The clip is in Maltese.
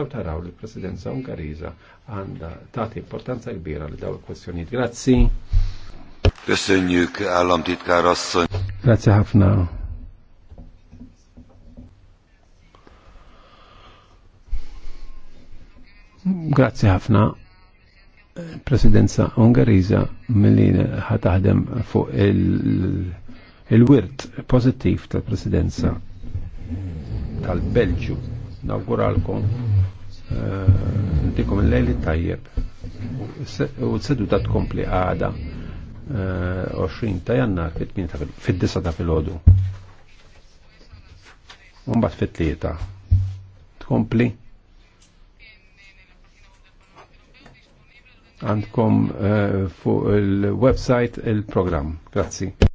Għaw taraw li presidenza ungariza għanda tagħti importanza kbira li daw il-kwestjonijiet. Grazzi. Köszönjük, államtitkár asszony. Grazzi ħafna. Grazzi ħafna. Presidenza Ungariza mill-li ħataħdem fuq il-wirt il pozittiv tal-presidenza tal-Belġu nawguralkom eh, dikom il-lejli tajjeb u s-seduta tkompli għada 20 eh, ta' jannar fit-disa ta' fil-ħodu. Umbat fit-tlieta. Tkompli. Għandkom eh, fuq il-website il-program. Grazzi.